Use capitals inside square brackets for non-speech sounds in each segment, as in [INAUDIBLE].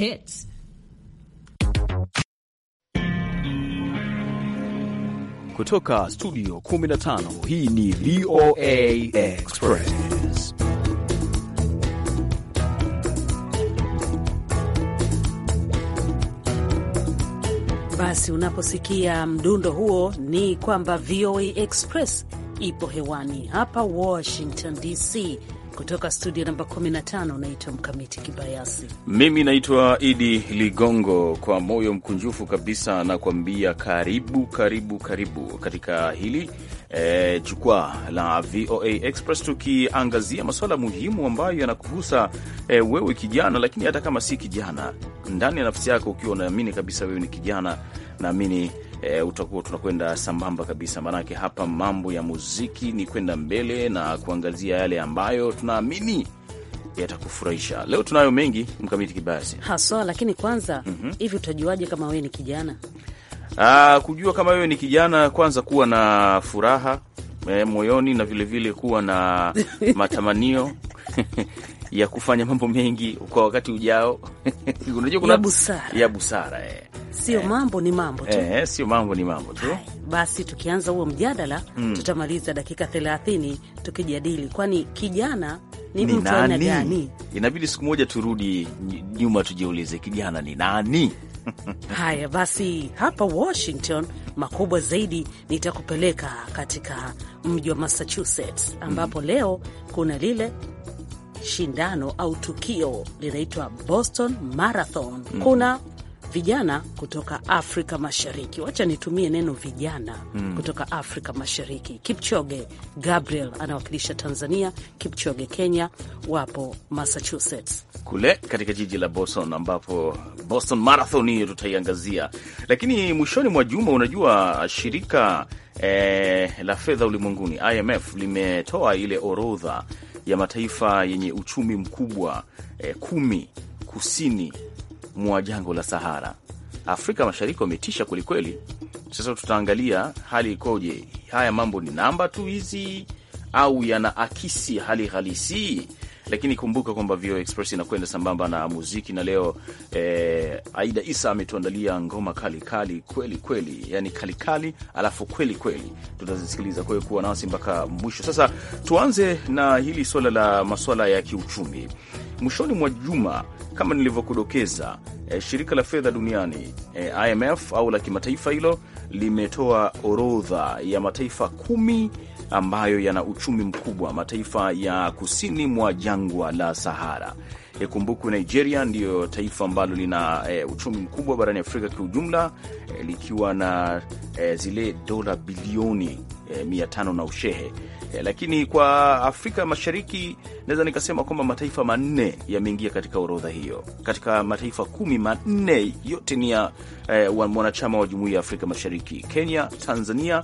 Hits. Kutoka studio 15 hii ni VOA Express. Basi unaposikia mdundo huo ni kwamba VOA Express ipo hewani hapa Washington DC. Kutoka studio namba 15 naitwa Mkamiti Kibayasi, mimi naitwa Idi Ligongo. Kwa moyo mkunjufu kabisa nakuambia karibu, karibu, karibu katika hili eh, jukwaa la VOA Express, tukiangazia masuala muhimu ambayo yanakuhusa e, wewe kijana, lakini hata kama si kijana, ndani ya nafsi yako ukiwa unaamini kabisa wewe ni kijana, naamini e, utakuwa tunakwenda sambamba kabisa, maanake hapa mambo ya muziki ni kwenda mbele na kuangazia yale ambayo tunaamini yatakufurahisha. Leo tunayo mengi mkamiti kibayasi haswa, lakini kwanza mhm. hivi mm -hmm. Utajuaje kama wewe ni kijana? Aa, ah, kujua kama wewe ni kijana, kwanza kuwa na furaha e, moyoni na vilevile vile kuwa na [LAUGHS] matamanio ya kufanya mambo mengi kwa wakati ujao. [LAUGHS] Unajua kuna ya busara, ya busara eh sio eh, mambo ni mambo tu eh, sio mambo ni mambo tu. Basi tukianza huo mjadala mm, tutamaliza dakika 30 tukijadili, kwani kijana ni mtu aina gani? Inabidi siku moja turudi nyuma tujiulize kijana ni nani? [LAUGHS] Haya basi, hapa Washington makubwa zaidi nitakupeleka katika mji wa Massachusetts ambapo mm, leo kuna lile shindano au tukio linaitwa Boston Marathon. Hmm. Kuna vijana kutoka Afrika Mashariki. Wacha nitumie neno vijana mm. kutoka Afrika Mashariki. Kipchoge Gabriel anawakilisha Tanzania, Kipchoge Kenya, wapo Massachusetts kule katika jiji la Boston, ambapo Boston Marathon hiyo tutaiangazia. Lakini mwishoni mwa juma, unajua shirika eh, la fedha ulimwenguni IMF limetoa ile orodha ya mataifa yenye uchumi mkubwa eh, kumi kusini mwa jangwa la Sahara. Afrika Mashariki wametisha kwelikweli. Sasa tutaangalia hali ikoje. Haya mambo ni namba tu hizi au yanaakisi hali halisi? lakini kumbuka kwamba VOA Express inakwenda sambamba na muziki, na leo eh, Aida Isa ametuandalia ngoma kali kali kweli kweli, yani kali kali alafu kweli kweli, tutazisikiliza. Kwa hiyo kuwa nasi mpaka mwisho. Sasa tuanze na hili swala la maswala ya kiuchumi. Mwishoni mwa juma kama nilivyokudokeza, eh, shirika la fedha duniani eh, IMF au la kimataifa hilo limetoa orodha ya mataifa kumi ambayo yana uchumi mkubwa, mataifa ya kusini mwa jangwa la Sahara. Ikumbukwe Nigeria ndiyo taifa ambalo lina e, uchumi mkubwa barani Afrika kiujumla, e, eh, likiwa na e, zile dola bilioni e, mia tano na ushehe eh, lakini kwa Afrika Mashariki naweza nikasema kwamba mataifa manne yameingia katika orodha hiyo. Katika mataifa kumi manne yote ni ya eh, mwanachama wa jumuiya ya Afrika Mashariki: Kenya, Tanzania,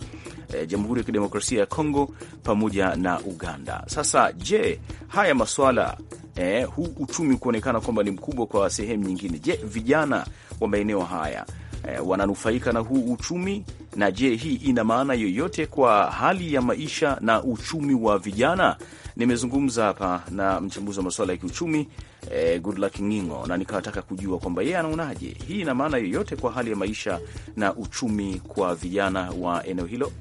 eh, Jamhuri ya Kidemokrasia ya Kongo pamoja na Uganda. Sasa je, haya maswala eh, huu uchumi kuonekana kwamba ni mkubwa kwa sehemu nyingine, je, vijana wa maeneo haya eh, wananufaika na huu uchumi? Na je, hii ina maana yoyote kwa hali ya maisha na uchumi wa vijana? Nimezungumza hapa na mchambuzi wa masuala ya kiuchumi eh, Goodluck Ngingo na nikawataka kujua kwamba yeye anaonaje hii ina maana yoyote kwa hali ya maisha na uchumi kwa vijana wa eneo hilo.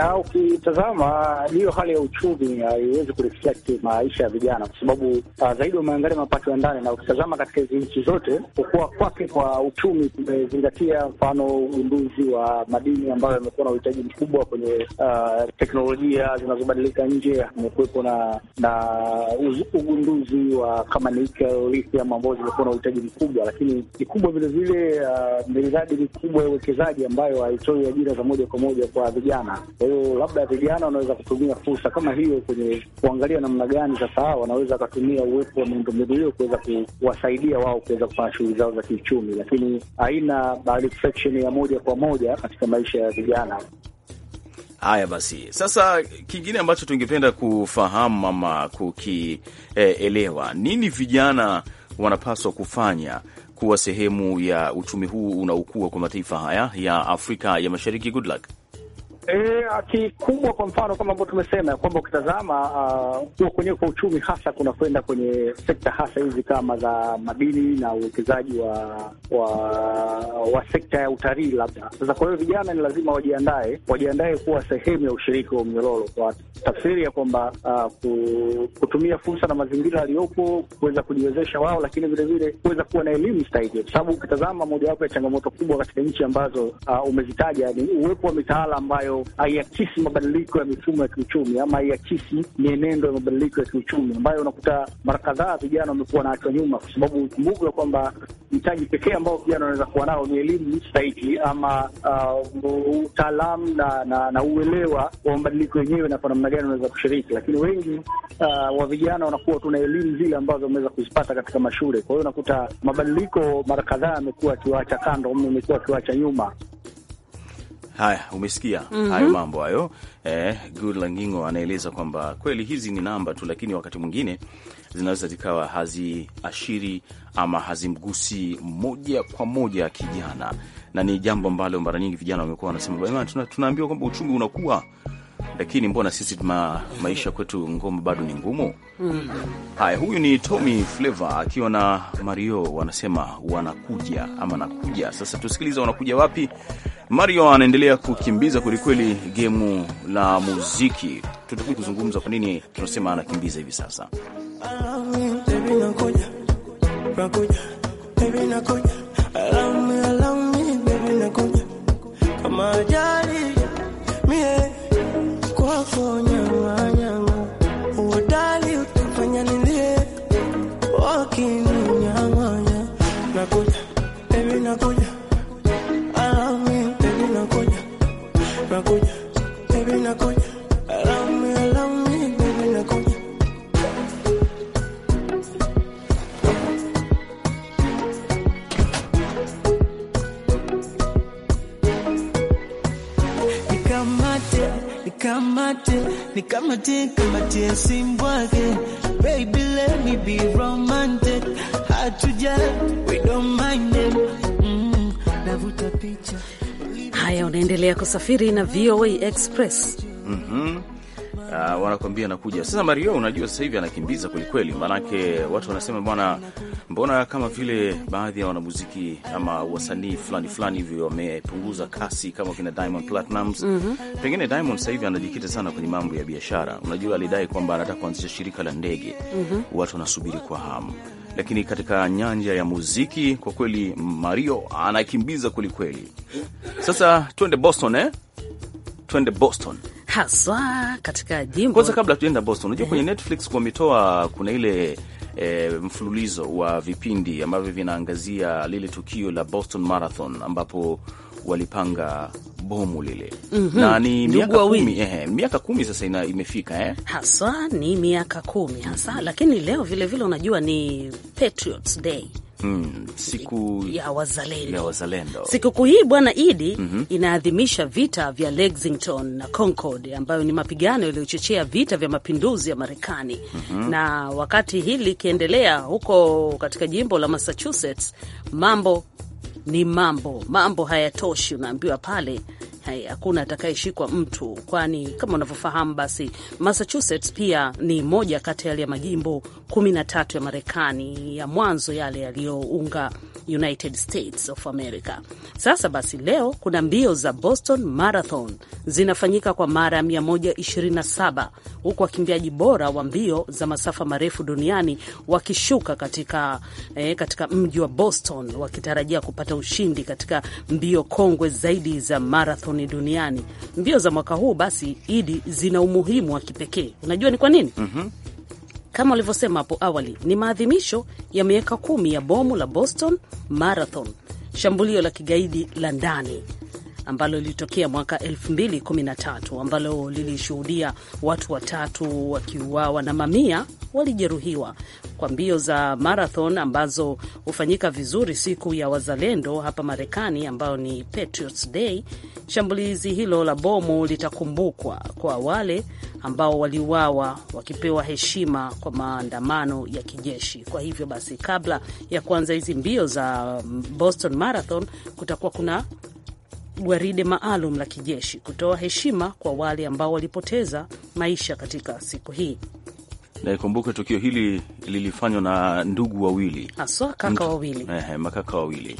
Ah, ukitazama hiyo hali ya uchumi ah, haiwezi kureflect maisha ya vijana, kwa sababu ah, zaidi wameangalia mapato ya ndani, na ukitazama katika hizi nchi zote, kukua kwake kwa uchumi kumezingatia mfano ugunduzi wa madini ambayo yamekuwa na uhitaji mkubwa kwenye uh, teknolojia zinazobadilika nje. Kumekuwepo na na ugunduzi wa kama nickel, lithium ambao zimekuwa na uhitaji mkubwa, lakini kikubwa vilevile uh, miradi mikubwa ya uwekezaji ambayo haitoi ajira za moja kwa moja kwa vijana kwa hiyo labda vijana wanaweza kutumia fursa kama hiyo kwenye kuangalia namna gani sasa wanaweza wakatumia uwepo wa miundombinu hiyo kuweza kuwasaidia wao kuweza kufanya shughuli zao za kiuchumi, lakini haina reflection ya moja kwa moja katika maisha ya vijana. Haya basi, sasa kingine ambacho tungependa kufahamu ama kukielewa, eh, nini vijana wanapaswa kufanya kuwa sehemu ya uchumi huu unaokua kwa mataifa haya ya Afrika ya Mashariki? Good luck. E, kikubwa kwa mfano kama ambavyo tumesema ya kwamba ukitazama kuwa uh, kwenyewe kwa uchumi hasa kuna kwenda kwenye sekta hasa hizi kama za madini na uwekezaji wa, wa wa sekta ya utalii labda. Sasa kwa hiyo vijana ni lazima wajiandae, wajiandae kuwa sehemu ya ushiriki wa mnyororo, kwa tafsiri ya kwamba uh, kutumia fursa na mazingira yaliyopo kuweza kujiwezesha wao, lakini vilevile kuweza kuwa na elimu stahiki, kwa sababu ukitazama mojawapo ya changamoto kubwa katika nchi ambazo uh, umezitaja ni uwepo wa mitaala ambayo ambayo haiakisi mabadiliko ya mifumo ya kiuchumi ama haiakisi mienendo ya mabadiliko ya kiuchumi, ambayo unakuta mara kadhaa vijana wamekuwa wanaachwa nyuma, kwa sababu ya kwamba mtaji pekee ambao vijana wanaweza kuwa nao ni elimu stahiki ama uh, utaalamu na, na, na uelewa wa mabadiliko yenyewe na kwa namna gani unaweza kushiriki, lakini wengi uh, wa vijana wanakuwa tuna elimu zile ambazo wameweza kuzipata katika mashule. Kwa hiyo unakuta mabadiliko mara kadhaa amekuwa akiwaacha kando, amekuwa akiwaacha nyuma. Haya, umesikia mm -hmm. hayo mambo hayo. Eh, Good Langingo anaeleza kwamba kweli hizi ni namba tu, lakini wakati mwingine zinaweza zikawa haziashiri ama hazimgusi moja kwa moja kijana, na ni jambo ambalo mara nyingi vijana wamekuwa wanasema bwana, tuna, tunaambiwa kwamba uchumi unakuwa lakini mbona sisi ma, maisha kwetu ngoma bado ni ngumu mm. Haya, huyu ni Tommy Flavor akiwa na Mario, wanasema wanakuja ama nakuja. Sasa tusikilize wanakuja wapi, Mario anaendelea kukimbiza kwelikweli gemu la muziki. Tutakuja kuzungumza kwa nini tunasema anakimbiza hivi sasa. unasafiri na VOA Express. mm -hmm. Uh, ah, wanakwambia nakuja sasa. Mario, unajua sasa hivi anakimbiza kwelikweli, maanake watu wanasema bwana, mbona kama vile baadhi ya wanamuziki ama wasanii fulani fulani hivyo wamepunguza kasi kama kina Diamond Platnumz. mm -hmm. Pengine Diamond sasa hivi anajikita sana kwenye mambo ya biashara. Unajua alidai kwamba anataka kuanzisha shirika la ndege. mm -hmm. Watu wanasubiri kwa hamu lakini katika nyanja ya muziki kwa kweli Mario anakimbiza kwelikweli. Sasa twende Boston eh? Twende Boston haswa katika jimbo kwanza, kabla tuenda Boston, unajua kwenye Netflix wametoa kuna ile E, mfululizo wa vipindi ambavyo vinaangazia lile tukio la Boston Marathon ambapo walipanga bomu lile mm -hmm. na ni miaka kumi, eh, miaka kumi sasa ina, imefika eh? Haswa ni miaka kumi hasa, mm -hmm. lakini leo vilevile vile unajua ni Patriots Day. Hmm, siku ya wazalendo, wazalendo. Sikukuu hii bwana Idi mm -hmm. inaadhimisha vita vya Lexington na Concord ambayo ni mapigano yaliyochochea vita vya mapinduzi ya Marekani mm -hmm. na wakati hili likiendelea huko katika jimbo la Massachusetts mambo ni mambo mambo hayatoshi, unaambiwa pale Eh, hakuna atakayeshikwa mtu, kwani kama unavyofahamu, basi Massachusetts pia ni moja kati yale ya majimbo kumi na tatu ya Marekani ya mwanzo yale yaliyounga United States of America. Sasa basi, leo kuna mbio za Boston Marathon zinafanyika kwa mara ya 127 huku wakimbiaji bora wa mbio za masafa marefu duniani wakishuka katika, eh, katika mji wa Boston wakitarajia kupata ushindi katika mbio kongwe zaidi za marathon marathoni duniani. Mbio za mwaka huu basi, Idi, zina umuhimu wa kipekee. Unajua ni kwa nini? mm -hmm. Kama ulivyosema hapo awali, ni maadhimisho ya miaka kumi ya bomu la Boston Marathon, shambulio la kigaidi la ndani ambalo lilitokea mwaka 2013 ambalo lilishuhudia watu watatu wakiuawa na mamia walijeruhiwa kwa mbio za marathon ambazo hufanyika vizuri siku ya wazalendo hapa Marekani, ambayo ni Patriots Day. Shambulizi hilo la bomu litakumbukwa kwa wale ambao waliuawa wakipewa heshima kwa maandamano ya kijeshi. Kwa hivyo basi, kabla ya kuanza hizi mbio za Boston Marathon, kutakuwa kuna gwaride maalum la kijeshi kutoa heshima kwa wale ambao walipoteza maisha katika siku hii. Naikumbuka tukio hili lilifanywa na ndugu wawili haswa kaka wawili, eh, makaka wawili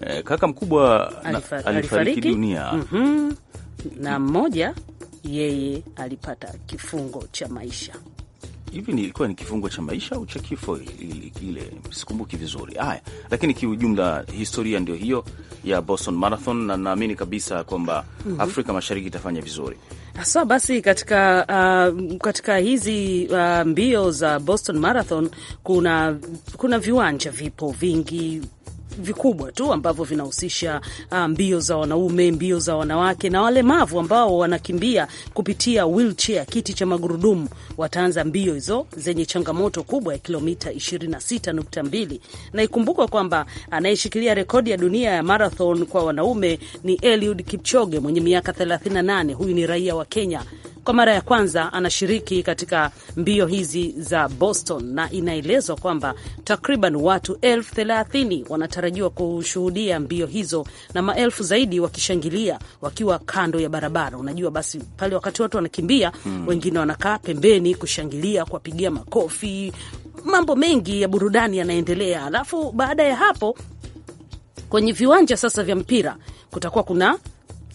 eh, kaka mkubwa Alifa, alifariki dunia mm -hmm. na mmoja yeye alipata kifungo cha maisha hivi nilikuwa ni kifungo cha maisha au cha kifo ile, sikumbuki vizuri haya, lakini kiujumla historia ndio hiyo ya Boston Marathon, na naamini kabisa kwamba mm -hmm. Afrika Mashariki itafanya vizuri haswa. So, basi katika, uh, katika hizi uh, mbio za Boston Marathon kuna, kuna viwanja vipo vingi vikubwa tu ambavyo vinahusisha uh, mbio za wanaume, mbio za wanawake na walemavu ambao wanakimbia kupitia wheelchair, kiti cha magurudumu, wataanza mbio hizo zenye changamoto kubwa ya kilomita 26.2 na ikumbukwa kwamba anayeshikilia rekodi ya dunia ya marathon kwa wanaume ni Eliud Kipchoge mwenye miaka 38. Huyu ni raia wa Kenya. Kwa mara ya kwanza anashiriki katika mbio hizi za Boston, na inaelezwa kwamba takriban watu elfu thelathini wanatarajiwa wanatarajiwa kushuhudia mbio hizo na maelfu zaidi wakishangilia wakiwa kando ya barabara. Unajua, basi pale wakati watu wanakimbia mm, wengine wanakaa pembeni kushangilia, kuwapigia makofi, mambo mengi ya burudani yanaendelea. Alafu baada ya hapo kwenye viwanja sasa vya mpira kutakuwa kuna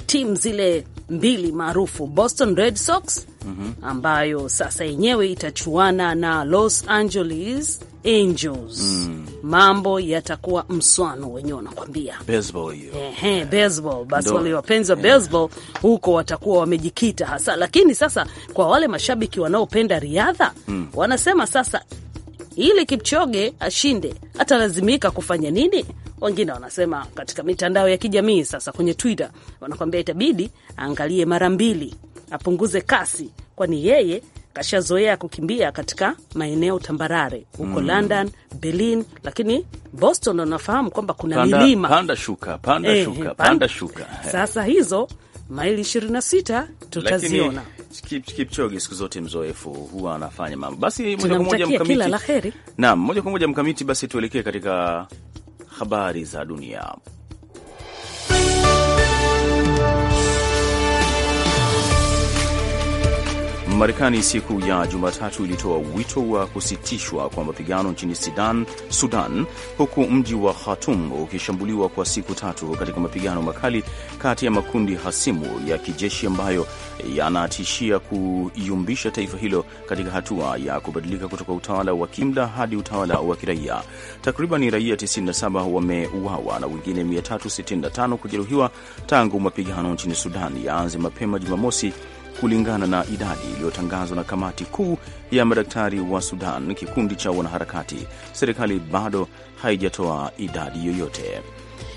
timu zile mbili maarufu Boston Red Sox -hmm. ambayo sasa yenyewe itachuana na Los Angeles Angels. Mm. Mambo yatakuwa mswano wenyewe wanakwambia. Baseball hiyo. Eh, yeah. Baseball. Basi wale wapenzi wa eh. baseball huko watakuwa wamejikita hasa. Lakini sasa kwa wale mashabiki wanaopenda riadha mm. wanasema sasa ili Kipchoge ashinde atalazimika kufanya nini? Wengine wanasema katika mitandao ya kijamii sasa, kwenye Twitter wanakwambia itabidi aangalie mara mbili apunguze kasi, kwani yeye kashazoea kukimbia katika maeneo tambarare huko mm. London, Berlin, lakini Boston anafahamu kwamba kuna panda, milima panda shuka, panda eh, shuka, panda shuka. Sasa hizo maili 26 tutaziona. Kipchoge siku zote mzoefu huwa anafanya mambo. Basi moja kwa moja mkamiti, kila laheri. Naam, moja kwa moja mkamiti, basi tuelekee katika habari za dunia. Marekani siku ya Jumatatu ilitoa wito wa kusitishwa kwa mapigano nchini Sudan, Sudan, huku mji wa Khartoum ukishambuliwa kwa siku tatu katika mapigano makali kati ya makundi hasimu ya kijeshi ambayo yanatishia kuyumbisha taifa hilo katika hatua ya kubadilika kutoka utawala wa kimla hadi utawala wa kiraia. Takriban raia 97 wameuawa na wengine 365 kujeruhiwa tangu mapigano nchini Sudan yaanze mapema Jumamosi kulingana na idadi iliyotangazwa na kamati kuu ya madaktari wa Sudan, kikundi cha wanaharakati. Serikali bado haijatoa idadi yoyote.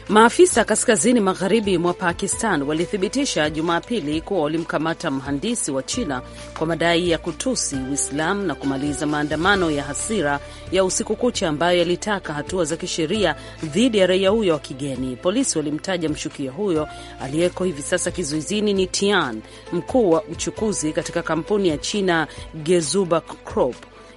Maafisa kaskazini magharibi mwa Pakistan walithibitisha Jumapili kuwa walimkamata mhandisi wa China kwa madai ya kutusi Uislamu na kumaliza maandamano ya hasira ya usiku kucha ambayo yalitaka hatua za kisheria dhidi ya raia huyo wa kigeni. Polisi walimtaja mshukio huyo aliyeko hivi sasa kizuizini ni Tian, mkuu wa uchukuzi katika kampuni ya China Gezuba Crop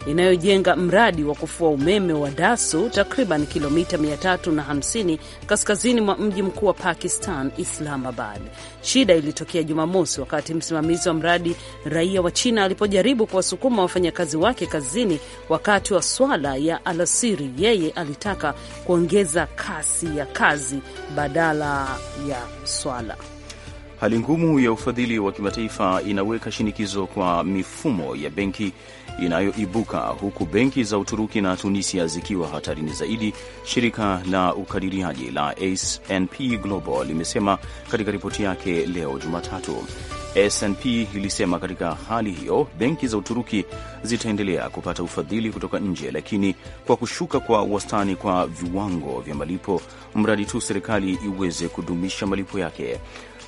inayojenga mradi wa kufua umeme wa Dasu, takriban kilomita 350 kaskazini mwa mji mkuu wa Pakistan, Islamabad. Shida ilitokea Jumamosi wakati msimamizi wa mradi, raia wa China, alipojaribu kuwasukuma wafanyakazi wake kazini wakati wa swala ya alasiri. Yeye alitaka kuongeza kasi ya kazi badala ya swala. Hali ngumu ya ufadhili wa kimataifa inaweka shinikizo kwa mifumo ya benki inayoibuka huku benki za Uturuki na Tunisia zikiwa hatarini zaidi, shirika la ukadiriaji la S&P Global limesema katika ripoti yake leo Jumatatu. SNP ilisema katika hali hiyo benki za Uturuki zitaendelea kupata ufadhili kutoka nje, lakini kwa kushuka kwa wastani kwa viwango vya malipo, mradi tu serikali iweze kudumisha malipo yake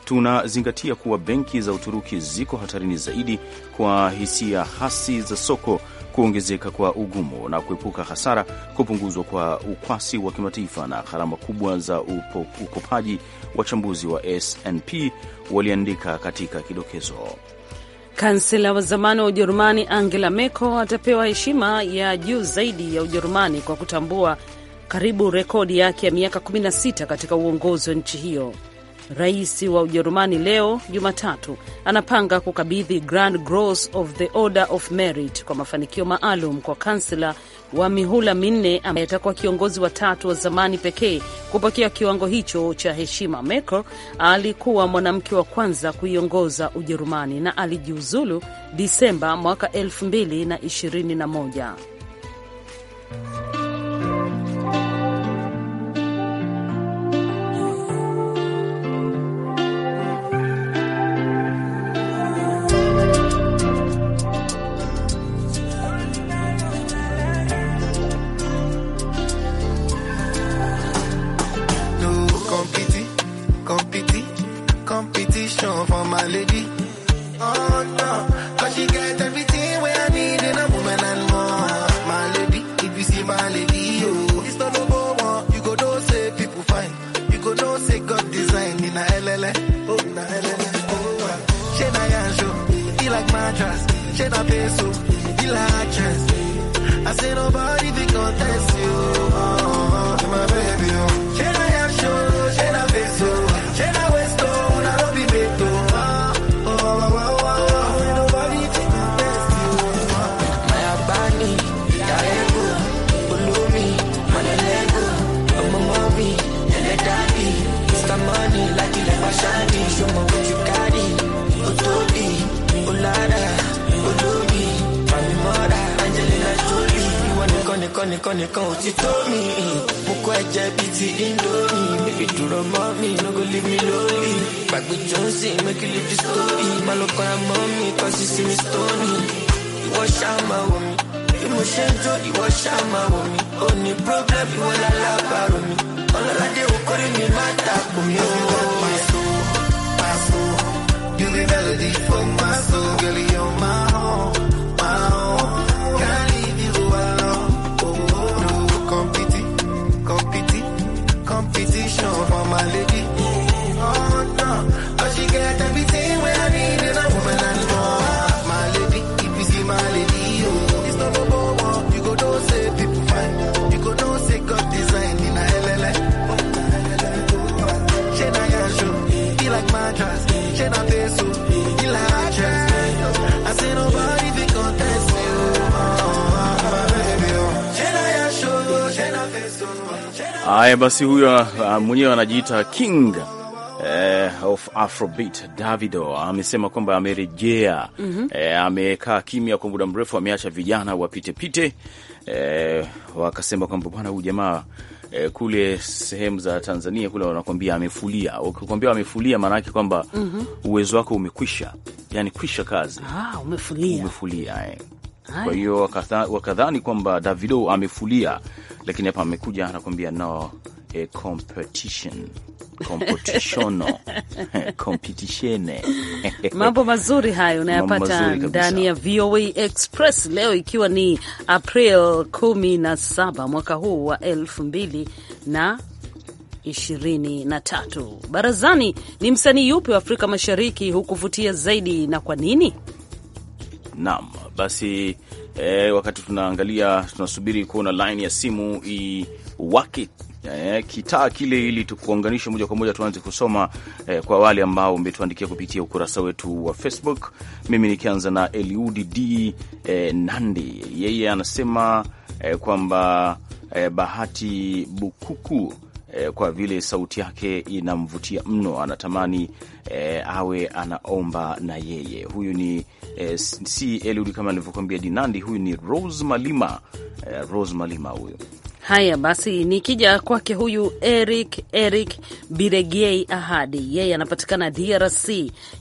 tunazingatia kuwa benki za Uturuki ziko hatarini zaidi kwa hisia hasi za soko, kuongezeka kwa ugumu na kuepuka hasara, kupunguzwa kwa ukwasi wa kimataifa na gharama kubwa za upo, ukopaji. Wachambuzi wa SNP waliandika katika kidokezo. Kansela wa zamani wa Ujerumani Angela Merkel atapewa heshima ya juu zaidi ya Ujerumani kwa kutambua karibu rekodi yake ya miaka 16 katika uongozi wa nchi hiyo. Rais wa Ujerumani leo Jumatatu anapanga kukabidhi Grand Cross of the Order of Merit kwa mafanikio maalum kwa kansela wa mihula minne ambaye atakuwa kiongozi wa tatu wa zamani pekee kupokea kiwango hicho cha heshima. Merkel alikuwa mwanamke wa kwanza kuiongoza Ujerumani na alijiuzulu Disemba mwaka 2021. baby gon' test you. nìkan nìkan nìkan ò ti tó mi. Mo kọ́ ẹ̀jẹ̀ bíi ti Indomie. Bébí dúró mọ́ mi, no go leave me lonely. Gbàgbé Johnson, make you leave the story. Má lọ kọ́ra mọ́ mi, kọ́ sí sí mi stoney. Ìwọ ṣáà máa wò mí. Bí mo ṣe ń jó, ìwọ ṣáà máa wò mí. Ó ní problem, ìwọ lálábàárò mi. Ọlọ́ládé ò kórè mi má takò mí o. My soul, my soul, you be melody for my soul, girl, you're my. Haya basi, huyo ah, mwenyewe anajiita King eh, of Afrobeat Davido amesema kwamba amerejea. mm -hmm. Eh, amekaa kimya kwa muda mrefu, ameacha vijana wapitepite. Eh, wakasema kwamba bwana, huyu jamaa eh, kule sehemu za Tanzania kule wanakwambia amefulia. Ukikwambia amefulia, maana yake kwamba mm -hmm. uwezo wako umekwisha, yani kwisha kazi. Ah, umefulia, umefulia eh. Kwa hiyo wakadhani kwamba Davido amefulia, lakini hapa amekuja anakuambia no, eh, competition [LAUGHS] [LAUGHS] mambo mazuri hayo unayapata ndani ya VOA Express leo, ikiwa ni April 17 mwaka huu wa elfu na Barazani ni msanii yupi wa Afrika Mashariki hukuvutia zaidi na kwa nini? Naam. Basi e, wakati tunaangalia tunasubiri kuona line ya simu iwake e, kitaa kile ili tukuunganishe moja kwa moja tuanze kusoma e, kwa wale ambao umetuandikia kupitia ukurasa wetu wa Facebook. Mimi nikianza na Eliudi D Nandi, yeye anasema e, kwamba e, Bahati Bukuku eh, kwa vile sauti yake inamvutia mno, anatamani eh, awe anaomba na yeye. Huyu ni eh, si Eliud kama alivyokuambia Dinandi, huyu ni Rose Malima eh, Rose Malima huyu. Haya basi, nikija kwake huyu Eric Eric Biregei Ahadi, yeye anapatikana DRC.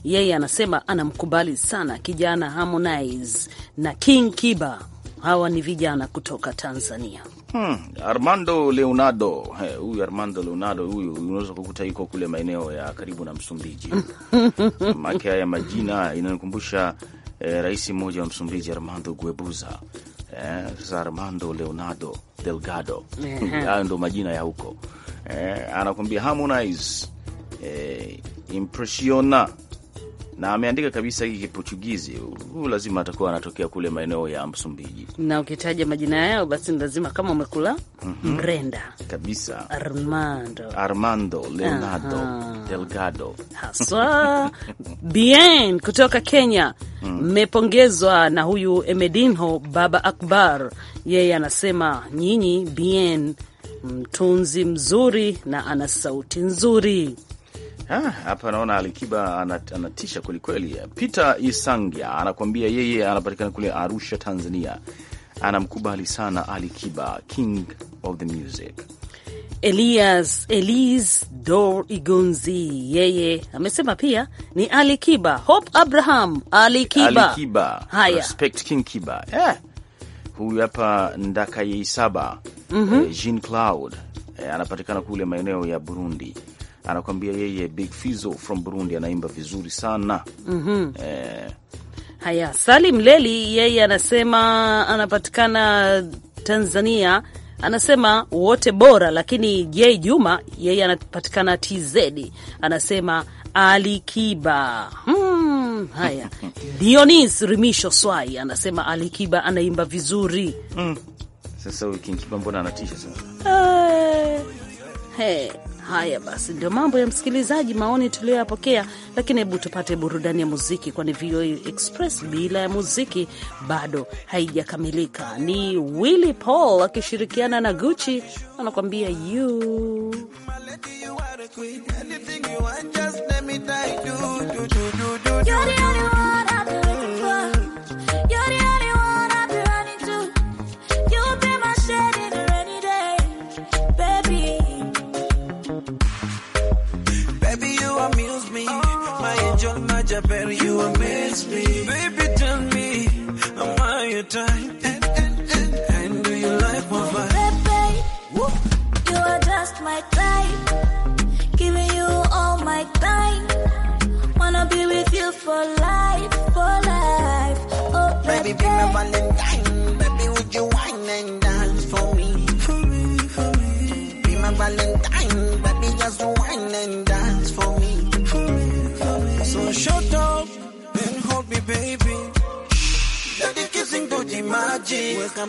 Yeye anasema anamkubali sana kijana Harmonize na King Kiba hawa ni vijana kutoka Tanzania. Hmm, Armando Leonardo huyu hey, Armando Leonardo huyu unaweza kukuta yuko kule maeneo ya karibu na Msumbiji [LAUGHS] make haya majina inanikumbusha eh, rais mmoja wa Msumbiji Armando Guebuza. E, sasa eh, Armando Leonardo Delgado [LAUGHS] hayo ndo majina ya huko eh, anakuambia Harmonize eh, impressiona na ameandika kabisa hiki Kiportugizi, huyu lazima atakuwa anatokea kule maeneo ya Msumbiji, na ukitaja majina yao basi lazima kama umekula mm -hmm. Mrenda kabisa, Armando, Armando Leonardo Delgado haswa [LAUGHS] bien kutoka Kenya mm. mmepongezwa mm. na huyu Emedinho Baba Akbar, yeye anasema nyinyi bien, mtunzi mzuri na ana sauti nzuri hapa naona Alikiba anatisha kwelikweli. Peter Isangya anakuambia yeye anapatikana kule Arusha, Tanzania. Anamkubali sana Alikiba, king of the music. Elias Elis Dor Igunzi yeye amesema pia ni Alikiba. Hope Abraham Alikiba, Respect King Kiba yeah. Huyu hapa Yeisaba. mm -hmm. eh, Jean Claude eh, anapatikana kule maeneo ya Burundi anakuambia yeye Big Fizo from Burundi anaimba vizuri sana mm -hmm. eh. Haya, Salim Leli yeye anasema anapatikana Tanzania, anasema wote bora, lakini J Juma yeye anapatikana TZ, anasema Alikiba hmm. Haya, [LAUGHS] Dionis Rimisho Swai anasema Alikiba anaimba vizuri mm. Sasa huyu Kiba mbona anatisha sana eh. He, haya basi, ndio mambo ya msikilizaji, maoni tuliyoyapokea. Lakini hebu tupate burudani ya muziki, kwani VOA Express bila ya muziki bado haijakamilika. Ni Willy Paul akishirikiana na Gucci anakuambia you much, I bet you will miss me. Baby, tell me, am I your type? And, do you like my vibe? Baby, whoop, you are just my type. Giving you all my time. Wanna be with you for life, for life. Oh, baby. Baby, be my valentine. Baby, would you wine and dance for me? For me, for me. Be my valentine. Baby, just wine and dance. So shut up and hold me baby, daddy kissing to the magic, weka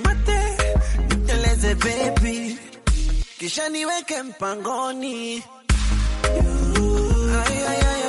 niteleze baby, kisha niweke mpangoni. Ay, ay, ay.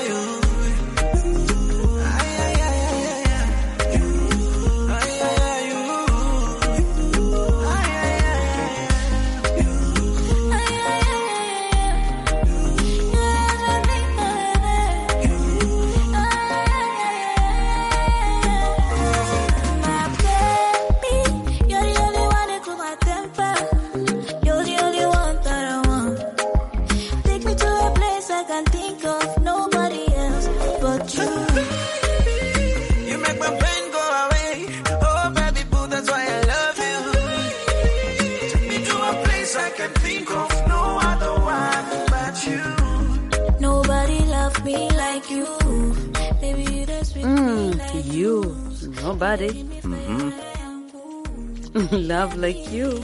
love like you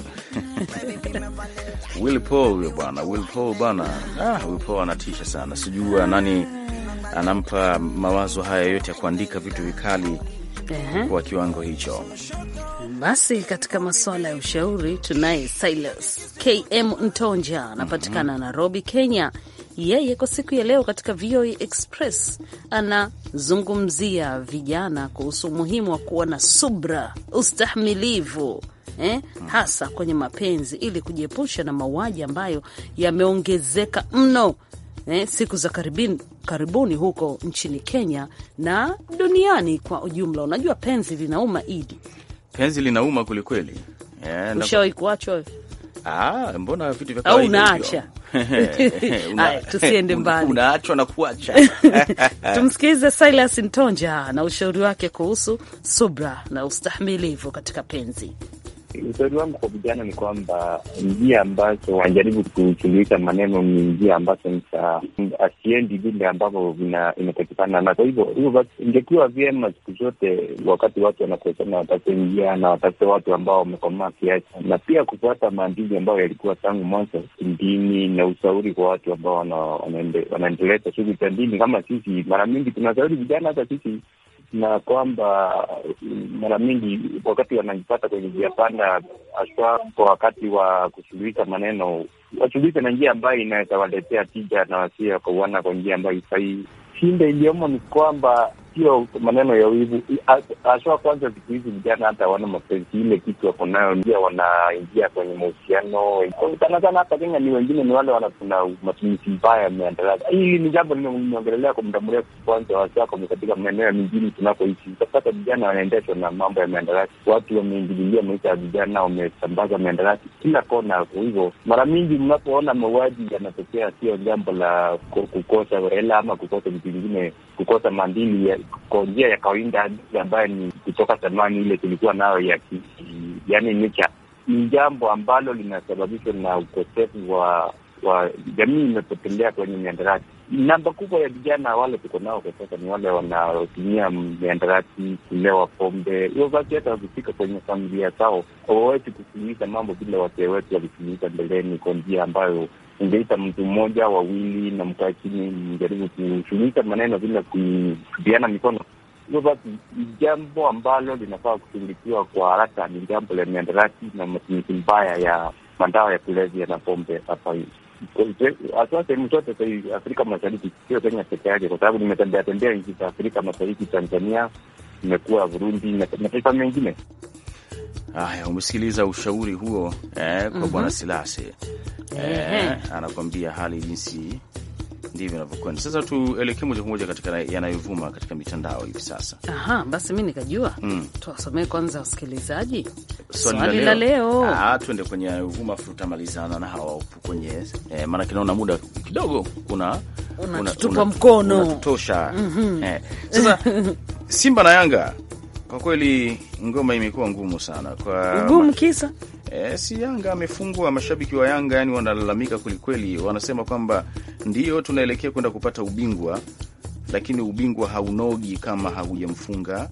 [LAUGHS] Will Paul huyo bwana, Will Paul bwana, ah, Will Paul anatisha sana. Sijua nani anampa mawazo haya yote ya kuandika vitu vikali kwa kiwango hicho. Basi katika masuala ya ushauri tunaye Silas KM Ntonja anapatikana mm -hmm. Nairobi, Kenya. Yeye kwa siku ya leo katika VOA e Express anazungumzia vijana kuhusu umuhimu wa kuwa na subra, ustahimilivu eh, hasa kwenye mapenzi, ili kujiepusha na mauaji ambayo yameongezeka mno eh, siku za karibini, karibuni huko nchini Kenya na duniani kwa ujumla. Unajua penzi linauma, Idi, penzi linauma kwelikweli. Yeah, eh, ushawahi kuachwa? Ah, mbona vitu vya kawaida unaacha [LAUGHS] Una, tusiende mbali, unaachwa na kuacha. [LAUGHS] Tumsikilize Silas Ntonja na ushauri wake kuhusu subra na ustahimilivu katika penzi. Ushauri wangu kwa vijana ni kwamba njia ambazo wanajaribu kusuluhisha maneno ni njia ambazo asiendi vile ambavyo inapatikana, na kwa hivyo hivyo basi, ingekuwa vyema siku zote wakati watu wanakosana watafute njia na watafute watu ambao wamekomaa kiasi, na pia kufuata maandili ambayo yalikuwa tangu mwanzo ndini na ushauri kwa watu ambao wanaendeleza shughuli za dini kama sisi. Mara mingi tunashauri vijana, hata sisi na kwamba mm, mara mingi wakati wanajipata kwenye njia panda, haswa kwa wakati wa kusuluhisha maneno, wasuluhisha na njia ambayo inaweza waletea tija na wasia wakauana kwa njia ambayo ifai. Shinde iliyomo ni kwamba sio maneno ya wivu haswa. Kwanza siku hizi vijana hata hawana mapenzi, ile kitu wako nayo ndia wanaingia kwenye mahusiano sana sana. Hata Kenya ni wengine ni wale wanakuna matumizi mbaya ya Hili ni jambo limeongelelea kwa muda mrefu, kwanza wasiwako katika maeneo ya mijini tunakoishi. Utapata vijana wanaendeshwa na mambo ya miandarasi, watu wameingililia maisha ya vijana, wamesambaza miandarasi kila kona. Kwa hivyo mara mingi mnapoona mauaji yanatokea, sio jambo la kukosa hela ama kukosa vitu vingine kukosa maadili kwa njia ya kawaida ambayo ni kutoka zamani ile tulikuwa nayo ya yani nicha ni jambo ambalo linasababishwa na ukosefu wa wa jamii imepotelea kwenye miandarati. Namba kubwa ya vijana wale tuko nao kwa sasa ni wale wanaotumia miandarati, kulewa pombe. Hiyo basi hata wakifika kwenye familia zao hawawezi kusuluhisha mambo vile wazee wetu walisuluhisha mbeleni, kwa njia ambayo Ungeita mtu mmoja wawili, na mkaa chini, mjaribu kushughulika maneno bila kutupiana mikono. Hivyo basi, jambo ambalo linafaa kushughulikiwa kwa haraka ni jambo la miandarati na matumizi mbaya ya madawa ya kulevya na pombe hapa hasa sehemu zote za Afrika Mashariki, sio Kenya peke yake, kwa sababu nimetembea tembea nchi za Afrika Mashariki, Tanzania, nimekuwa Burundi na mataifa mengine. Haya, umesikiliza ushauri huo eh, kwa mm -hmm. Bwana Silasi eh, mm -hmm. anakuambia hali jinsi ndivyo inavyokwenda. Sasa tuelekee moja kwa moja katika yanayovuma katika mitandao hivi sasa. Aha, basi mi nikajua mm. tuwasomee kwanza wasikilizaji swali la leo. Ah, tuende kwenye yanayovuma afu tutamalizana na hawa kwenye eh, maanake naona muda kidogo kuna unatutupa una, mkono unatutosha. mm -hmm. eh, sasa [LAUGHS] Simba na Yanga kwa kweli ngoma imekuwa ngumu sana kwa ngumu kisa e, si Yanga amefungwa. Mashabiki wa Yanga yani wanalalamika kwelikweli, wanasema kwamba ndio tunaelekea kwenda kupata ubingwa, lakini ubingwa haunogi kama haujamfunga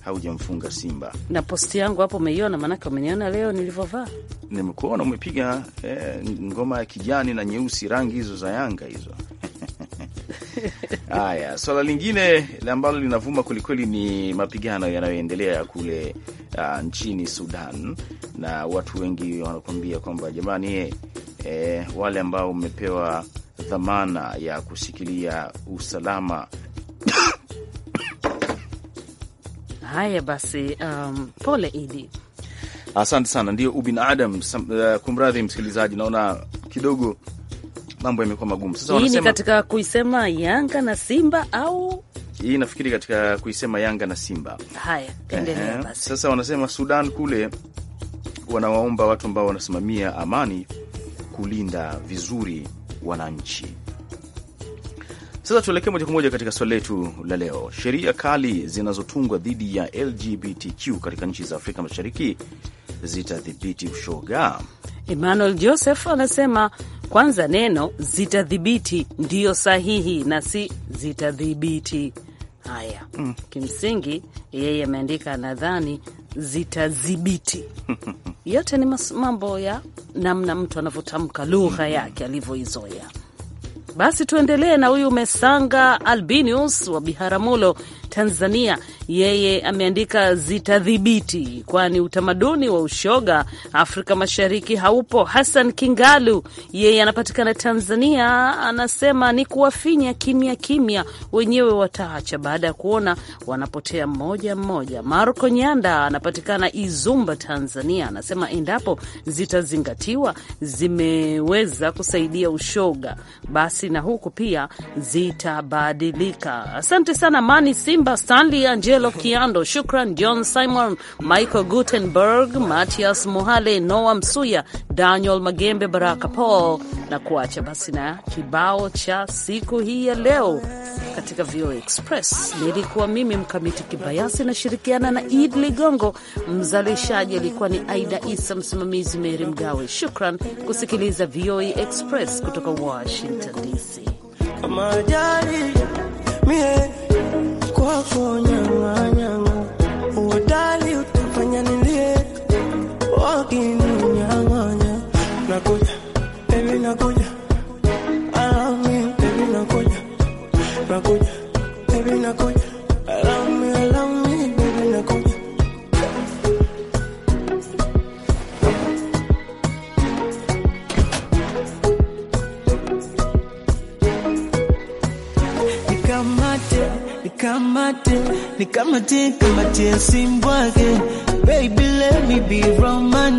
haujamfunga Simba. Na posti yangu hapo umeiona, maanake umeniona leo nilivyovaa, nimekuona umepiga e, ngoma ya kijani na nyeusi, rangi hizo za Yanga hizo [LAUGHS] Haya, swala lingine ambalo linavuma kwelikweli ni mapigano yanayoendelea kule uh, nchini Sudan, na watu wengi wanakuambia kwamba jamani, eh, wale ambao mmepewa dhamana ya kushikilia usalama [COUGHS] Haya basi, um, pole Idi, asante sana. Ndio Uh, kumradhi msikilizaji, naona kidogo mambo yamekuwa magumu. Sasa wanasema katika kuisema Yanga na Simba au hii nafikiri katika kuisema Yanga na Simba. Haya, endelea basi. Sasa wanasema Sudan kule wanawaomba watu ambao wanasimamia amani kulinda vizuri wananchi sasa tuelekee moja kwa moja katika swali letu la leo. Sheria kali zinazotungwa dhidi ya LGBTQ katika nchi za Afrika Mashariki zitadhibiti ushoga? Emmanuel Joseph anasema kwanza, neno zitadhibiti ndiyo sahihi na si zitadhibiti. Haya, mm. Kimsingi yeye ameandika nadhani zitadhibiti [LAUGHS] yote ni mambo ya namna mtu anavyotamka lugha yake alivyoizoea. Basi tuendelee na huyu Mesanga Albinius wa Biharamulo, Tanzania yeye ameandika zitadhibiti, kwani utamaduni wa ushoga Afrika Mashariki haupo. Hassan Kingalu yeye anapatikana Tanzania, anasema ni kuwafinya kimya kimya, wenyewe wataacha baada ya kuona wanapotea mmoja mmoja. Marco Nyanda anapatikana Izumba, Tanzania, anasema endapo zitazingatiwa, zimeweza kusaidia ushoga, basi na huku pia zitabadilika. Asante sana Mani Simba, Stanley Angela Angelo Kiando, Shukran John Simon, Michael Gutenberg, Matias Mohale, Noah Msuya, Daniel Magembe, Baraka Paul na kuacha basi na kibao cha siku hii ya leo katika VOA Express. Nilikuwa mimi Mkamiti Kibayasi nashirikiana na Id Ligongo, mzalishaji alikuwa ni Aida Isa, msimamizi Meri Mgawe. Shukran kusikiliza VOA Express kutoka Washington DC wako nyanga nyanga, uwadali utafanya nilie wakininyang'anya na Come and take, Baby, let me be romantic.